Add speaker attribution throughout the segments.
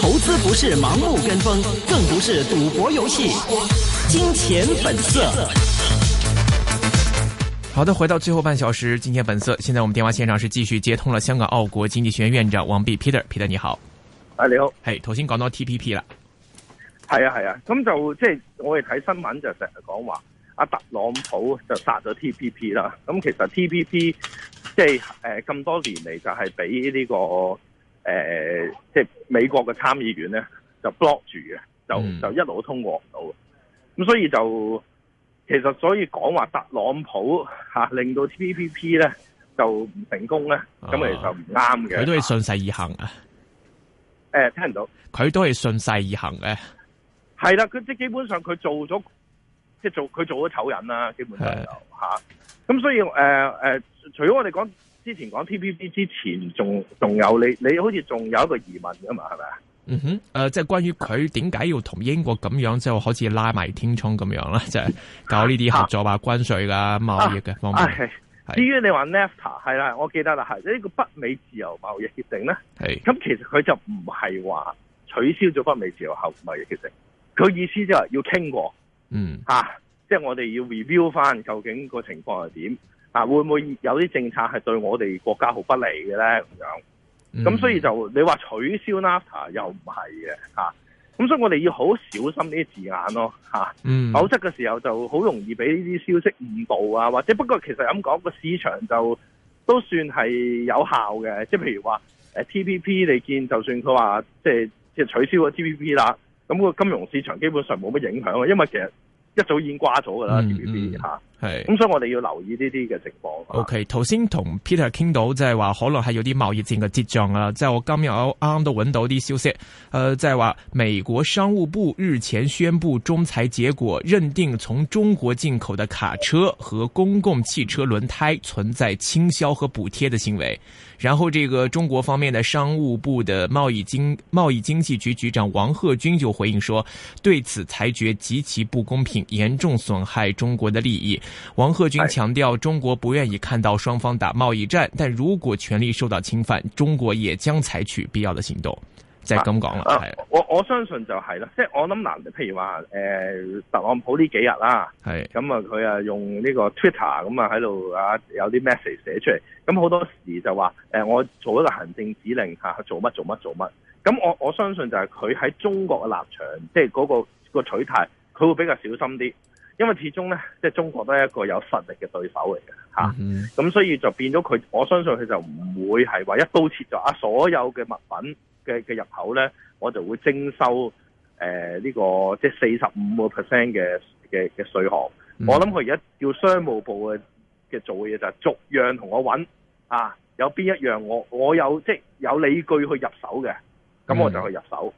Speaker 1: 投資不是盲目跟風，更不是賭博遊戲。金錢本色。好的，回到最後半小時，金錢本色。現在我們電話現場是繼續接通了香港澳國經濟學院院長王弼 Peter，Peter 你好。哎，你好，hey。係頭先講到 TPP 了。
Speaker 2: 係啊，係啊。咁就即係我哋睇新聞就成日講話，阿特朗普就殺咗 TPP 啦。咁其實 TPP。即係誒，咁、呃、多年嚟就係俾呢個誒、呃，即係美國嘅參議員咧，就 block 住嘅，就就一路都通過唔到。咁所以就其實所以講話特朗普吓、啊、令到 TPP 咧就唔成功咧，咁啊其實就唔啱嘅。佢都係
Speaker 1: 順勢而行啊！誒、
Speaker 2: 啊，聽唔到？
Speaker 1: 佢都係順勢而行嘅。
Speaker 2: 係、啊、啦，佢即係基本上佢做咗，即係做佢做咗醜人啦、啊，基本上就吓。咁、嗯、所以，誒、呃、誒，除咗我哋講之前講 TPP 之前，仲仲有你，你好似仲有一個疑問噶嘛，係咪啊？嗯哼，誒、
Speaker 3: 呃，
Speaker 1: 即係關於佢點解要同英國咁樣，即係好似拉埋天窗咁樣啦，即係搞呢啲合作啊，啊，啊，關稅㗎、貿易嘅方面。係、
Speaker 2: 啊、至於你話 NAFTA 係啦，我記得啦，係呢、這個北美自由貿易協定咧。係咁，其實佢就唔係話取消咗北美自由貿易協定，佢意思即係話要傾過。嗯，吓、啊。即係我哋要 review 翻究竟個情況係點啊？會唔會有啲政策係對我哋國家好不利嘅咧？咁、嗯、
Speaker 3: 咁所以
Speaker 2: 就你話取消 NAFTA 又唔係嘅嚇，咁、啊、所以我哋要好小心呢啲字眼咯嚇、啊嗯，否則嘅時候就好容易俾呢啲消息誤導啊！或者不過其實咁講個市場就都算係有效嘅，即係譬如話誒 TPP 你見就算佢話即係即係取消咗 TPP 啦，咁個金融市場基本上冇乜影響啊，因為其實。一早已經掛咗噶啦，B B B 吓係，咁、嗯、所以我哋要留意呢啲嘅
Speaker 1: 情況 OK，頭先同 Peter 傾到，即係話可能係有啲貿易戰嘅跡象啦。即係我今日啱啱都揾到啲消息，呃就係話美國商務部日前宣布仲裁結果，認定從中國進口的卡車和公共汽車輪胎存在傾銷和補貼的行為。然後，這個中國方面嘅商務部的貿易經貿易經濟局局長王賀軍就回應說，對此裁決極其不公平，嚴重損害中國的利益。王賀軍強調，中國不願意看到雙方打貿易戰，但如果權利受到侵犯，中國也將採取必要的行動。就咁講啦，係、
Speaker 2: 啊、我我相信就係啦，即係我諗嗱，譬如話誒、呃、特朗普呢幾日啦，係咁啊佢啊用呢個 Twitter 咁啊喺度啊有啲 message 寫出嚟，咁、嗯、好多時就話誒、呃、我做一個行政指令吓、啊，做乜做乜做乜，咁、嗯、我我相信就係佢喺中國嘅立場，即係嗰、那個、那個那個取態，佢會比較小心啲。因為始終咧，即係中國都係一個有實力嘅對手嚟嘅，吓、啊，咁、mm -hmm. 嗯、所以就變咗佢，我相信佢就唔會係話一刀切就啊所有嘅物品嘅嘅入口咧，我就會徵收誒呢、呃這個即係四十五個 percent 嘅嘅嘅稅項。Mm -hmm. 我諗佢而家叫商務部嘅嘅做嘅嘢就係逐樣同我揾啊，有邊一樣我我有即係有理據去入手嘅，咁我就去入手。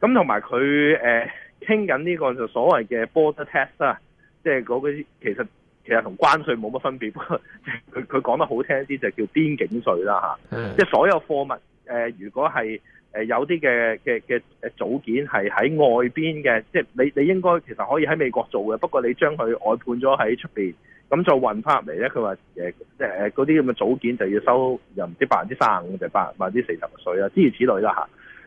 Speaker 2: 咁同埋佢誒傾緊呢個就所謂嘅 border tax 啦。即係嗰啲，其實其實同關稅冇乜分別。不過，佢佢講得好聽啲，就叫邊境稅啦吓。即係所有貨物，誒，如果係誒有啲嘅嘅嘅誒組件係喺外邊嘅，即係你你應該其實可以喺美國做嘅。不過你將佢外判咗喺出邊，咁再運翻入嚟咧，佢話誒即係誒嗰啲咁嘅組件就要收又唔知百分之三十五定百百分之四十嘅稅啊，諸如此類啦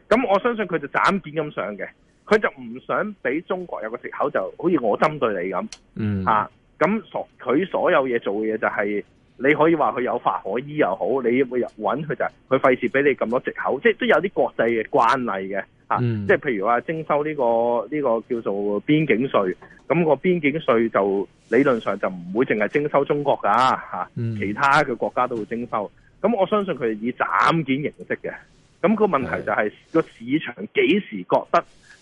Speaker 2: 吓。咁我相信佢就斬件咁上嘅。佢就唔想俾中國有個籍口，就好似我針對你咁、
Speaker 3: 嗯，
Speaker 2: 啊，咁所佢所有嘢做嘅嘢就係，你可以話佢有法可依又好，你會搵佢就係、是，佢費事俾你咁多籍口，即係都有啲國際嘅慣例嘅，即、啊、係、嗯、譬如話徵收呢、這個呢、這個叫做邊境稅，咁個邊境稅就理論上就唔會淨係徵收中國㗎、啊嗯，其他嘅國家都會徵收，咁我相信佢係以斬件形式嘅，咁、那個問題就係個市場幾時覺得？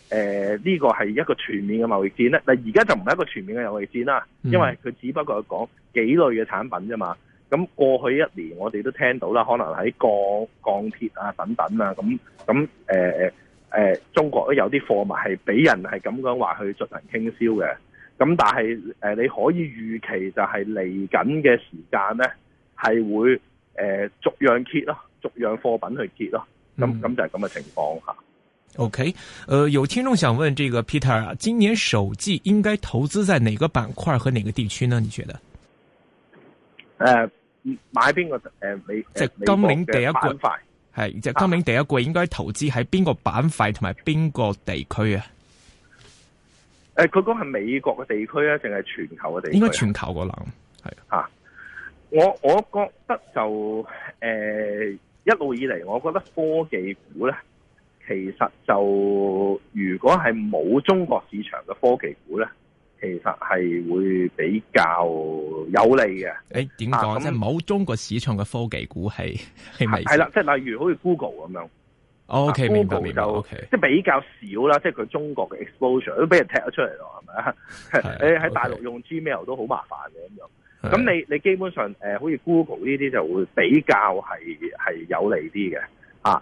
Speaker 2: 誒、呃，呢個係一個全面嘅貿易戰咧，但而家就唔係一個全面嘅貿易戰啦，因為佢只不過係講幾類嘅產品啫嘛。咁過去一年我哋都聽到啦，可能喺鋼鋼鐵啊等等啊，咁咁誒誒，中國都有啲貨物係俾人係咁樣話去進行傾銷嘅。咁但係誒，你可以預期就係嚟緊嘅時間咧，係會誒逐樣揭咯，逐樣貨品去揭咯。咁、嗯、咁就係咁嘅情況下。
Speaker 3: OK，誒、呃，
Speaker 1: 有聽眾想問，這個 Peter 啊，今年首季應該投資在哪個板塊和哪個地區呢？你覺得？誒、
Speaker 2: 呃，買邊個誒、呃、美？即、呃、係今年第一季
Speaker 1: 係，即、啊、係今年第一季應該投資喺邊個板塊同埋邊個地區啊？
Speaker 2: 誒、啊，佢講係美國嘅地區啊，定係全球嘅地區、啊？應該
Speaker 1: 全球可能係。
Speaker 2: 我我覺得就誒、呃、一路以嚟，我覺得科技股咧。其實就如果係冇中國市場嘅科技股咧，其實係會比較有利嘅。誒，
Speaker 1: 點講、啊、即係冇中國市場嘅科技股係
Speaker 3: 係咪？係、啊、啦，即
Speaker 2: 係例如好似 Google 咁樣。
Speaker 3: OK，明白明白。O、
Speaker 2: okay、K，即係比較少啦，即係佢中國嘅 exposure 都俾人踢咗出嚟咯，係咪啊？你喺、 okay、大陸用 Gmail 都好麻煩嘅咁樣。咁你你基本上誒、呃，好似 Google 呢啲就會比較係係有利啲嘅啊。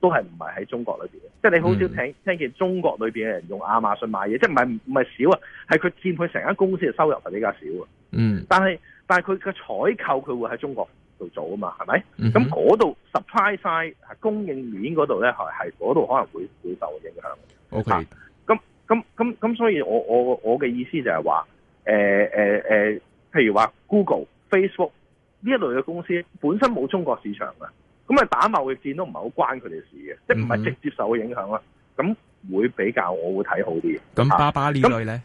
Speaker 2: 都係唔係喺中國裏邊嘅，即係你好少聽，嗯，聽見中國裏邊嘅人用亞馬遜買嘢，即係唔係唔係少啊？係佢佔佢成間公司嘅收入係比較少嘅。嗯，但係但係佢嘅採購佢會喺中國度做啊嘛，係咪？咁嗰度 supply side 供應鏈嗰度咧，係係嗰度可能會會受影響的。O K.
Speaker 3: 咁
Speaker 2: 咁咁咁，所以我我我嘅意思就係話，誒誒誒，譬如話 Google、Facebook 呢一類嘅公司本身冇中國市場嘅。咁啊，打貿易戰都唔係好關佢哋事嘅，即係唔係直接受嘅影響啦。咁、嗯、會比較我會睇好啲咁，巴巴呢類咧？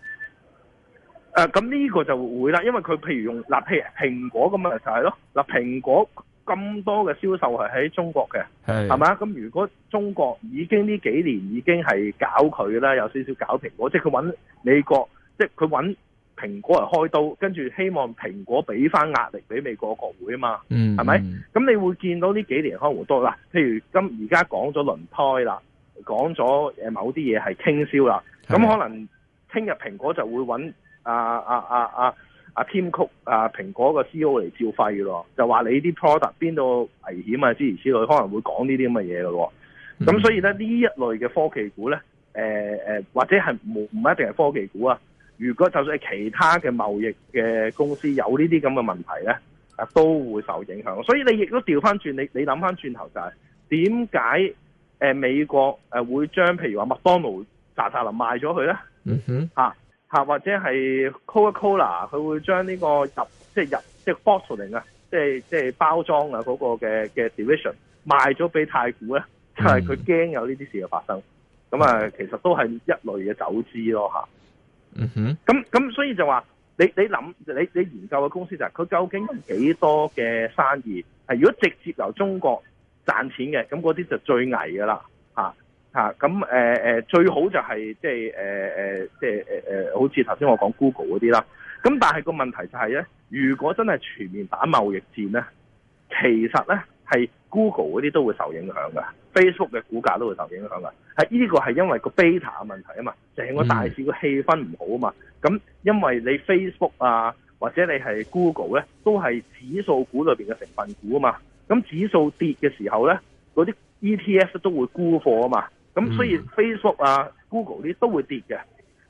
Speaker 2: 誒，咁、呃、呢個就會啦，因為佢譬如用譬如蘋果咁樣，就係咯嗱，蘋果咁多嘅銷售係喺中國嘅，係咪？咁如果中國已經呢幾年已經係搞佢啦，有少少搞蘋果，即係佢搵美國，即係佢搵。蘋果嚟開刀，跟住希望蘋果俾翻壓力俾美國國會啊嘛，係、嗯、咪？咁你會見到呢幾年可能好多啦。譬如今而家講咗輪胎啦，講咗誒某啲嘢係傾銷啦，咁可能聽日蘋果就會搵阿阿阿阿阿 Tim Cook 啊，蘋、啊啊啊啊、果個 CEO 嚟照肺咯，就話你啲 product 邊度危險啊，諸如此類，可能會講呢啲咁嘅嘢咯。
Speaker 3: 咁、嗯、所以
Speaker 2: 咧，呢一類嘅科技股呢，誒、呃、誒，或者係冇唔一定係科技股啊。如果就算係其他嘅貿易嘅公司有呢啲咁嘅問題咧，啊都會受影響。所以你亦都調翻轉，你你諗翻轉頭就係點解誒美國誒會將譬如話麥當勞煞煞、炸炸林賣咗佢咧？嗯哼，嚇嚇或者係 Coca-Cola 佢會將呢個入即係入即係 bottling 啊，即係即係包裝啊嗰個嘅嘅 division 賣咗俾太古咧，即係佢驚有呢啲事嘅發生。咁、mm-hmm. 啊，其實都係一類嘅走資咯嚇。啊嗯哼，咁咁所以就話，你你諗你你研究嘅公司就係、是、佢究竟幾多嘅生意係，如果直接由中國賺錢嘅，咁嗰啲就最危噶啦吓吓，咁誒誒最好就係即係誒誒即係誒誒好似頭先我講 Google 嗰啲啦。咁但係個問題就係、是、咧如果真係全面打貿易戰咧，其實咧。係 Google 嗰啲都會受影響嘅，Facebook 嘅股價都會受影響嘅。係呢個係因為個 beta 嘅問題啊嘛，成個大市嘅氣氛唔好啊嘛。咁因為你 Facebook 啊，或者你係 Google 咧，都係指數股裏面嘅成分股啊嘛。咁指數跌嘅時候咧，嗰啲 ETF 都會沽貨啊嘛。咁所以 Facebook 啊、Google 呢都會跌嘅。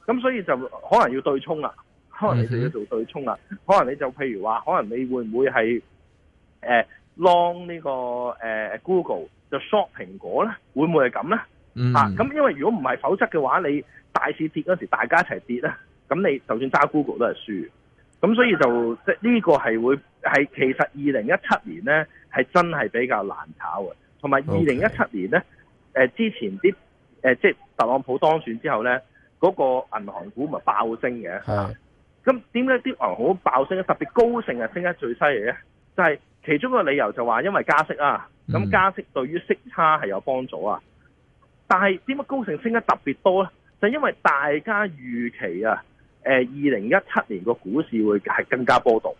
Speaker 2: 咁所以就可能要對沖啦，
Speaker 3: 可能你就要
Speaker 2: 做對沖啦。可能你就譬如話，可能你會唔會係誒 long 呢、這個、呃、Google 就 short 蘋果咧，會唔會係咁咧？
Speaker 3: 咁、mm. 啊、
Speaker 2: 因為如果唔係，否則嘅話，你大市跌嗰時，大家一齊跌咧，咁你就算揸 Google 都係輸。咁所以就即呢、就是、個係會係其實二零一七年咧係真係比較難炒嘅。同埋二零一七年咧、okay. 呃，之前啲、呃、即特朗普當選之後咧，嗰、那個銀行股咪爆升嘅。係咁，點解啲銀行股爆升咧？特別高盛啊，升得最犀利咧，就係、是。其中一個理由就話，因為加息啊，咁加息對於息差係有幫助啊。但係點解高盛升得特別多呢？就因為大家預期啊，誒二零一七年個股市會係更加波動。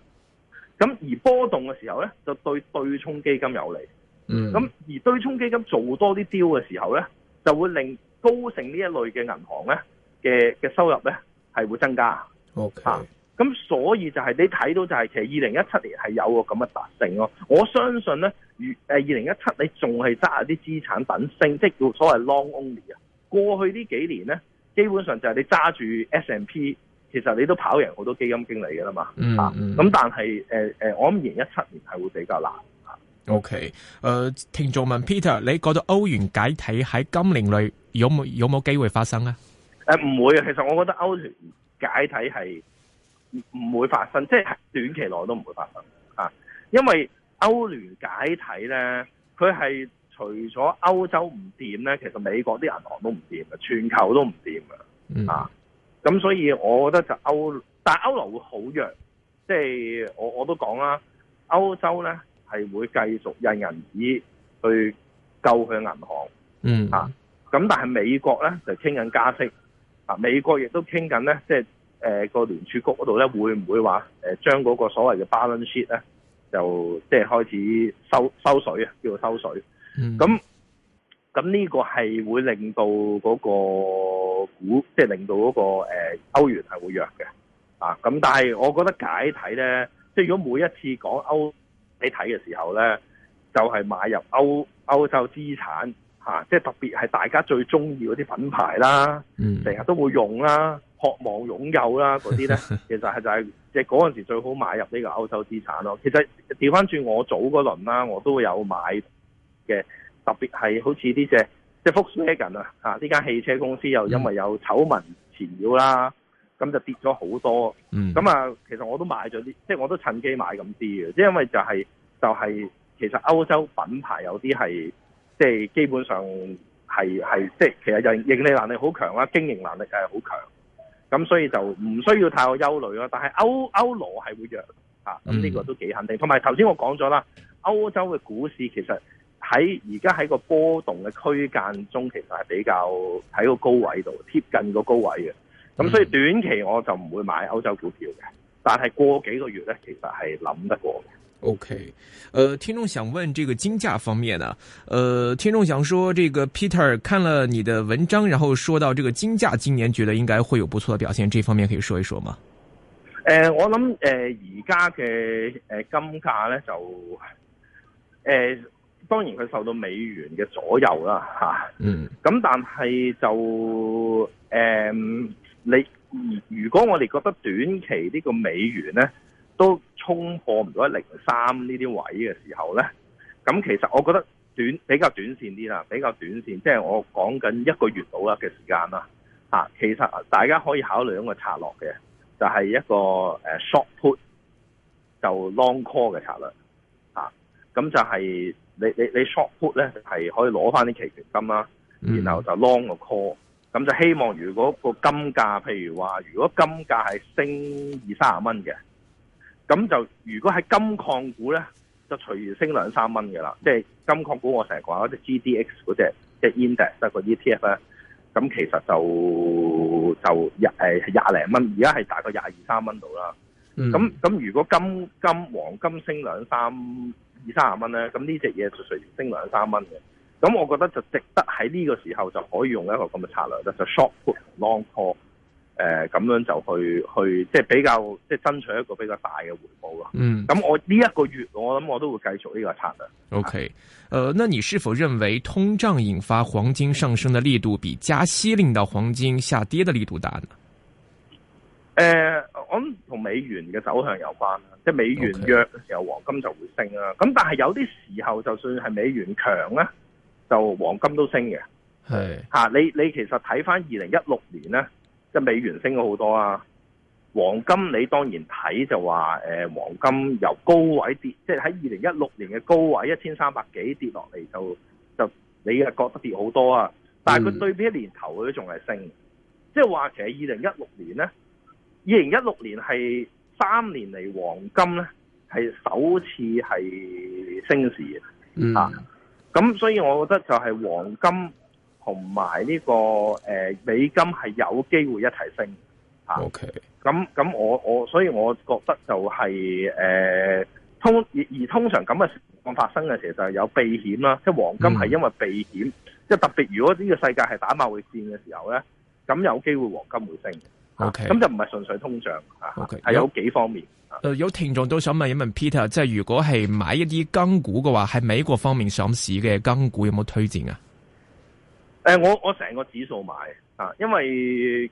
Speaker 2: 咁而波動嘅時候呢，就對對沖基金有利。嗯。咁而堆沖基金做多啲 deal 嘅時候呢，就會令高盛呢一類嘅銀行呢嘅嘅收入呢係會增加。O K。咁所以就係你睇到就係其實二零一七年係有個咁嘅特性咯，我相信咧，如誒二零一七你仲係揸下啲資產品性，即係叫所謂 long only 啊。過去呢幾年咧，基本上就係你揸住 S&P，其實你都跑贏好多基金經理㗎啦嘛嗯嗯、啊。嗯咁但係誒誒，我諗二零一七年係會比較難。
Speaker 1: O K，誒，聽眾問 Peter，你覺得歐元解體喺今年內有冇有冇機會發生咧？
Speaker 2: 誒、呃、唔會啊，其實我覺得歐元解體係。唔會發生，即係短期內都唔會發生啊！因為歐聯解體呢，佢係除咗歐洲唔掂呢，其實美國啲銀行都唔掂嘅，全球都唔掂嘅啊！咁所以，我覺得就歐，但係歐羅會好弱。即係我我都講啦，歐洲呢係會繼續印銀紙去救佢銀行。嗯啊，咁但係美國呢，就傾緊加息啊，美國亦都傾緊呢。即係。誒、呃個聯儲局嗰度咧，會唔會話誒將嗰個所謂嘅 balance sheet 咧，就即係開始收收水啊，叫做收水。咁咁呢個係會令到嗰個股，即係令到嗰、個誒、呃、歐元係會弱嘅。啊，咁但係我覺得解體咧，即係如果每一次講歐你睇嘅時候咧，就係、是、買入歐歐洲資產。吓、啊，即係特別係大家最中意嗰啲品牌啦，成、嗯、日都會用啦，渴望擁有啦嗰啲咧，呢 其實係就係即係嗰陣時最好買入呢個歐洲資產咯。其實調返轉我早嗰輪啦，我都有買嘅，特別係好似呢隻，即係 Volkswagen 呢間汽車公司又因為有醜聞纏繞啦，咁、嗯、就跌咗好多。咁、嗯、啊，其實我都買咗啲，即係我都趁機買咁啲嘅，即係因為就係、是、就係、是、其實歐洲品牌有啲係。即係基本上係係即係，其實盈利能力好強啦，經營能力係好強，咁所以就唔需要太過憂慮咯。但係歐歐羅係會弱啊，咁、這、呢個都幾肯定。同埋頭先我講咗啦，歐洲嘅股市其實喺而家喺個波動嘅區間中，其實係比較喺個高位度，貼近個高位嘅。咁所以短期我就唔會買歐洲股票嘅，但係過幾個月咧，其實係諗得過嘅。
Speaker 1: O、okay, K，呃，聽眾想問這個金價方面呢？呃，聽眾想說，這個 Peter 看了你的文章，然後說到這個金價今年覺得應該會有不錯的表現，這方面可以說一說嗎？
Speaker 2: 誒、呃，我諗誒，而家嘅誒金價咧就誒、呃，當然佢受到美元嘅左右啦，吓、啊，嗯是，咁但係就誒，你如果我哋覺得短期呢個美元咧。都衝破唔到一零三呢啲位嘅時候咧，咁其實我覺得短比較短線啲啦，比較短線，即、就、係、是、我講緊一個月到啦嘅時間啦、啊。其實大家可以考慮咁個策略嘅，就係、是、一個 short put 就 long call 嘅策略。咁、啊、就係你你你 short put 咧，係可以攞翻啲期權金啦，然後就 long 個 call，咁就希望如果個金價，譬如話如果金價係升二三十蚊嘅。咁就如果喺金礦股咧，就隨便升兩三蚊嘅啦。即係金礦股我常說，我成日講嗰隻 GDX 嗰隻即係 index 得個 ETF 咧。咁其實就就誒廿零蚊，而家係大概廿二三蚊度啦。咁、嗯、咁如果金金黃金升兩三二三十蚊咧，咁呢隻嘢就隨便升兩三蚊嘅。咁我覺得就值得喺呢個時候就可以用一個咁嘅策略啦，就 short put long call。誒，咁樣就去去，即係比較，即、就、係、是、爭取一個比較大嘅回報咯。嗯，咁我呢一個月，我諗我都會繼續呢個策略。
Speaker 1: OK，誒，那你是否認為通脹引發黃金上升嘅力度，比加息令到黃金下跌的力度大呢？誒、
Speaker 2: 呃，我諗同美元嘅走向有關啦，即係美元弱嘅時候，黃金就會升啦。咁、okay. 但係有啲時候，就算係美元強呢，就黃金都升嘅。係、hey. 吓、啊，你你其實睇翻，二零一六年呢。即美元升咗好多啊！黃金你當然睇就話誒、呃，黃金由高位跌，即喺二零一六年嘅高位一千三百幾跌落嚟，就就你係覺得跌好多啊！但係佢對比一年頭，佢都仲係升，即係話其實二零一六年呢，二零一六年係三年嚟黃金呢係首次係升市咁、嗯啊、所以我覺得就係黃金。同埋呢個誒、呃、美金係有機會一齊升，吓、啊，咁、okay. 咁我我所以我覺得就係、是、誒、呃、通而而通常咁嘅情況發生嘅時候就係有避險啦，即係黃金係因為避險，嗯、即係特別如果呢個世界係打貿易戰嘅時候咧，咁有機會黃金會升、
Speaker 3: 啊、，OK，咁、啊、就
Speaker 2: 唔係純粹通脹係係、啊 okay. 有幾方面有、啊。有
Speaker 1: 聽眾都想問一問 Peter，即係如果係買一啲金股嘅話，喺美國方面上市嘅金股有冇推薦啊？
Speaker 2: 誒，我我成個指數買啊，因為誒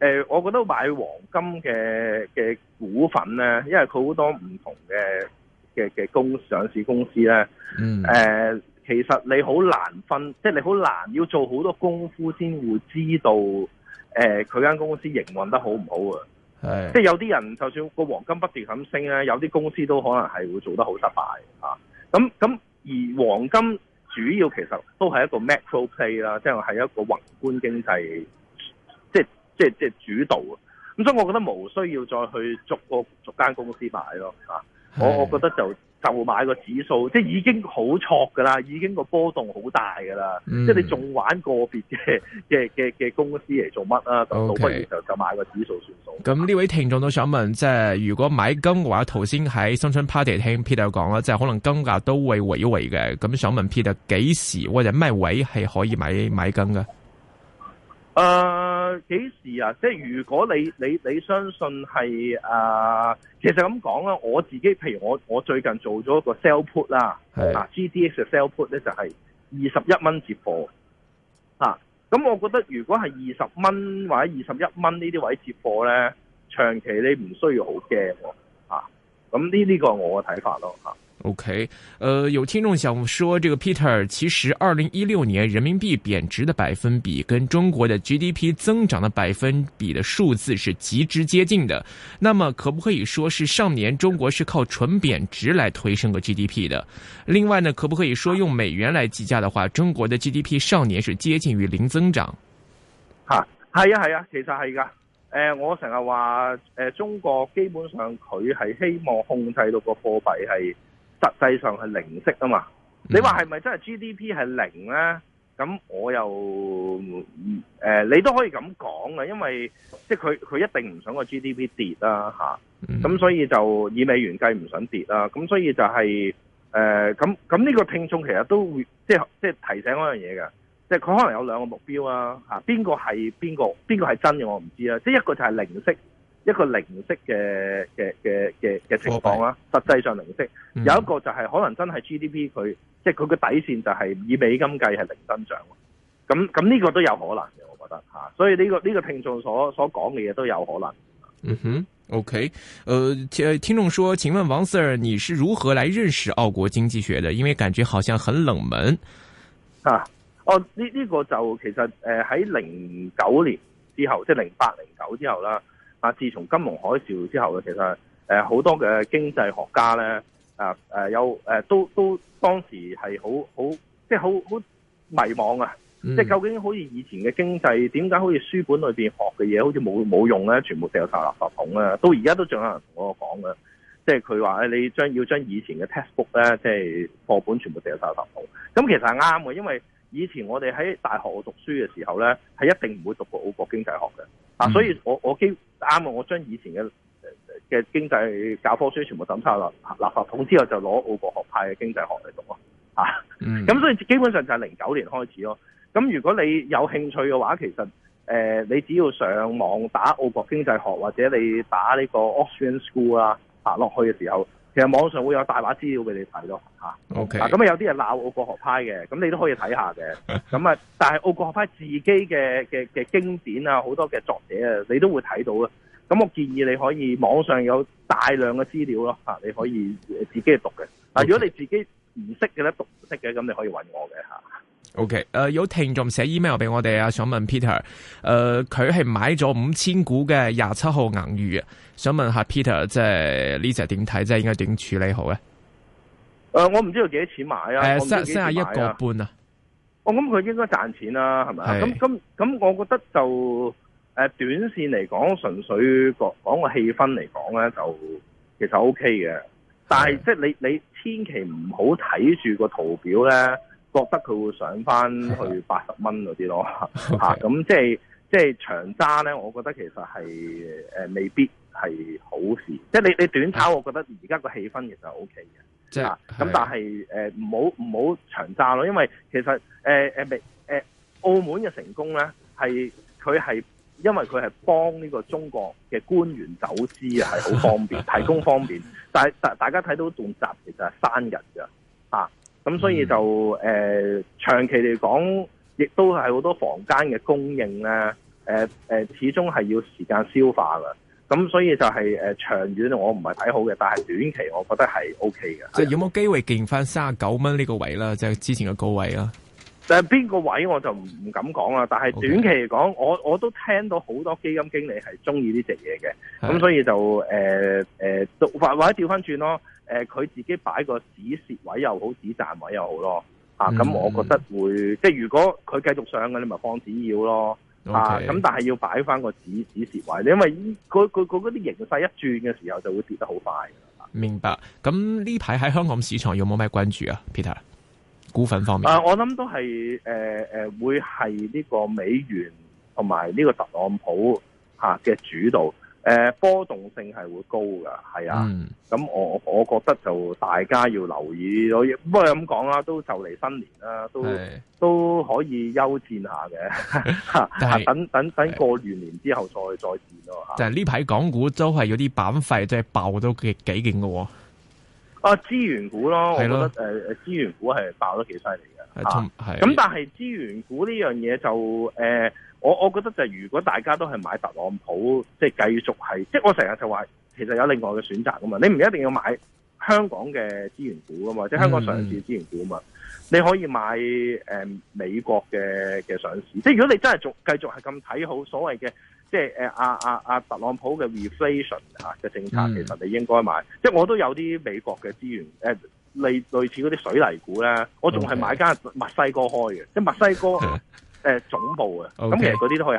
Speaker 2: 誒，我覺得買黃金嘅嘅股份咧，因為佢好多唔同嘅嘅嘅公上市公司咧，誒，嗯，誒，其實你好難分，即係你好難要做好多功夫先會知道誒，佢間公司營運得好唔好啊？係，即係有啲人就算個黃金不斷咁升咧，有啲公司都可能係會做得好失敗啊。咁咁而黃金。主要其實都係一個 macro play 啦，即係係一個宏觀經濟，即係即係即係主導。啊！咁所以，我覺得冇需要再去逐個逐間公司買咯，啊！
Speaker 3: 我我覺
Speaker 2: 得就。就買個指數，即係已經好錯㗎啦，已經個波動好大㗎啦，嗯，即係你仲玩個別嘅嘅嘅嘅公司嚟做乜啊？Okay, 倒不如就就買個指數算數。
Speaker 1: 咁呢位聽眾都想問，即係如果買金嘅話，頭先喺新春 party 聽 Peter 講啦，即係可能金價都會萎萎嘅，咁想問 Peter 幾時或者咩位係可以買買金嘅？
Speaker 2: 誒、呃，幾時啊？即係如果你你你相信係誒、呃，其實咁講啦，我自己譬如我我最近做咗一個 sell put 啦，係啊，GDX 嘅 sell put 咧就係二十一蚊接貨，啊，咁、啊、我覺得如果係二十蚊或者二十一蚊呢啲位接貨咧，長期你唔需要好驚，喎、啊。咁呢呢個我嘅睇法咯，吓、啊。
Speaker 1: OK，呃，有聽眾想說，這個 Peter，其實二零一六年人民幣貶值的百分比跟中國的 GDP 增長的百分比的數字是極之接近的。那麼可不可以說是上年中國是靠純貶值來推升個 GDP 的？另外呢，可不可以說用美元來計價的話，中國的 GDP 上年是接近於零增長？吓、
Speaker 2: 啊，係啊係啊，其實係㗎。誒、呃，我成日話，誒、呃，中國基本上佢係希望控制到個貨幣係。實際上係零息啊嘛，你話係咪真係 GDP 係零呢？咁我又、呃、你都可以咁講嘅，因為即係佢佢一定唔想個 GDP 跌啦嚇，咁、啊、所以就以美元計唔想跌啦，咁所以就係誒咁咁呢個聽眾其實都會即係即係提醒嗰樣嘢嘅，即係佢可能有兩個目標啊嚇，邊個係邊個邊個係真嘅我唔知啦，即係一個就係零息。一個零息嘅嘅嘅嘅嘅情況啦，oh, right. 實際上零息。Mm. 有一個就係可能真係 GDP 佢即係佢嘅底線就係以美金計係零增長，咁咁呢個都有可能嘅，我覺得吓，所以呢、呢個呢、呢個聽眾所所講嘅嘢都有可能。
Speaker 3: 嗯
Speaker 1: 哼，OK，誒、呃，聽眾說，請問王 Sir，你是如何來認識奧國經濟學的？因為感覺好像很冷門
Speaker 2: 啊。哦，呢、呢、呢個就其實誒喺零九年之後，即係零八零九之後啦。啊！自從金融海嘯之後咧，其實誒好、呃、多嘅經濟學家咧，啊誒有誒都都當時係好好即係好好迷茫啊！即係、嗯、究竟好似以前嘅經濟點解好似書本裏邊學嘅嘢好似冇冇用咧？全部掉晒垃圾桶咧！到而家都仲有人同我講嘅，即係佢話誒你將要將以前嘅 textbook 咧，即、就、係、是、課本全部掉晒垃圾桶。咁其實係啱嘅，因為以前我哋喺大學讀書嘅時候咧，係一定唔會讀過奧國經濟學嘅。嗱、嗯，所以我，我我基啱啊！我將以前嘅嘅經濟教科書全部抌晒落垃圾桶之後就攞奧國學派嘅經濟學嚟讀啊！
Speaker 3: 咁、嗯、
Speaker 2: 所以基本上就係零九年開始咯。咁如果你有興趣嘅話，其實、呃、你只要上網打奧國經濟學，或者你打呢個 Austrian School 啊，打下落去嘅時候。其實網上會有大把資料俾你睇咯，吓、okay. 啊，咁啊有啲人鬧澳國學派嘅，咁你都可以睇下嘅，咁 啊但係奧國學派自己嘅嘅嘅經典啊，好多嘅作者啊，你都會睇到啦。咁我建議你可以網上有大量嘅資料咯，吓、啊、你可以自己去讀嘅。嗱、okay. 啊，如果你自己唔識嘅咧，讀唔識嘅，咁你可以搵我嘅吓。啊
Speaker 1: O K，誒，有聽眾寫 email 俾我哋啊，想問 Peter，誒、呃，佢係買咗五千股嘅廿七號銀娛，想問下 Peter，即係呢隻點睇，即係應該點處理好咧？
Speaker 2: 誒、呃，我唔知道幾多錢買啊，誒、呃啊呃，三十一個半啊，我咁佢應該賺錢啦，係咪啊？咁咁咁，我覺得就誒、呃，短線嚟講，純粹講講個氣氛嚟講咧，就其實 O K 嘅，但係、嗯、即係你你千祈唔好睇住個圖表咧。覺得佢會上翻去八十蚊嗰啲咯，嚇咁即係即係長揸咧，我覺得其實係誒、呃、未必係好事。即係你你短揸，我覺得而家個氣氛其實 O K 嘅，嚇咁、啊、但係誒唔好唔好長揸咯，因為其實誒誒未誒澳門嘅成功咧，係佢係因為佢係幫呢個中國嘅官員走資啊，係好方便，提供方便。 但係大大家睇到短揸其實係生人嘅，嚇、啊。咁所以就誒、嗯呃、長期嚟講亦都係好多房間嘅供應咧。誒、呃、誒、呃，始終係要時間消化噶。咁所以就係、是、誒、呃、長遠我唔係睇好嘅，但係短期我覺得係 O K 嘅。即
Speaker 1: 係有冇機會見翻卅啊九蚊呢個位啦？即、就、係、是、之前嘅高位
Speaker 2: 啦。但係邊個位我就唔敢講啦。但係短期嚟講、okay. 我我都聽到好多基金經理係中意呢隻嘢嘅。咁所以就誒誒、呃呃，或者或者調翻轉咯。誒、呃，佢自己擺個止蝕位又好，止賺位又好咯，啊，咁我覺得會，嗯、即係如果佢繼續上嘅，你咪放指要咯，啊、咁、okay. 但係要擺翻個止止蝕位，因為佢嗰啲形勢一轉嘅時候，就會跌得好快。
Speaker 1: 明白，咁呢排喺香港市場有冇咩關注啊？Peter，股份方面，啊、呃，
Speaker 2: 我諗都係，誒、呃、誒、呃，會係呢個美元同埋呢個特朗普吓嘅主導。誒，波動性係會高噶，係啊，咁、嗯、我我覺得就大家要留意咯。不過咁講啦，都就嚟新年啦，都都可以休戰下嘅，吓 等等等過完年之後再再戰咯。就係呢
Speaker 1: 排港股都係有啲板塊即係爆到幾幾勁噶。
Speaker 2: 啊，資源股咯，我覺得誒誒，資、呃、源股係爆得幾犀利
Speaker 3: 嘅。係，咁、啊、但
Speaker 2: 係資源股呢樣嘢就誒。呃我我覺得就係如果大家都係買特朗普，即係繼續係，即係我成日就話，其實有另外嘅選擇㗎嘛。你唔一定要買香港嘅資源股噶嘛，即係香港上市資源股啊嘛、嗯。你可以買、嗯、美國嘅嘅上市。即係如果你真係仲繼續係咁睇好所謂嘅，即係阿、啊啊啊、特朗普嘅 reflation 嚇嘅政策、嗯，其實你應該買。即係我都有啲美國嘅資源誒、呃、類、類似嗰啲水泥股咧，我仲係買間墨西哥開嘅，Okay. 即墨西哥。 誒、呃、總部啊，咁、Okay. 其實嗰啲都可以。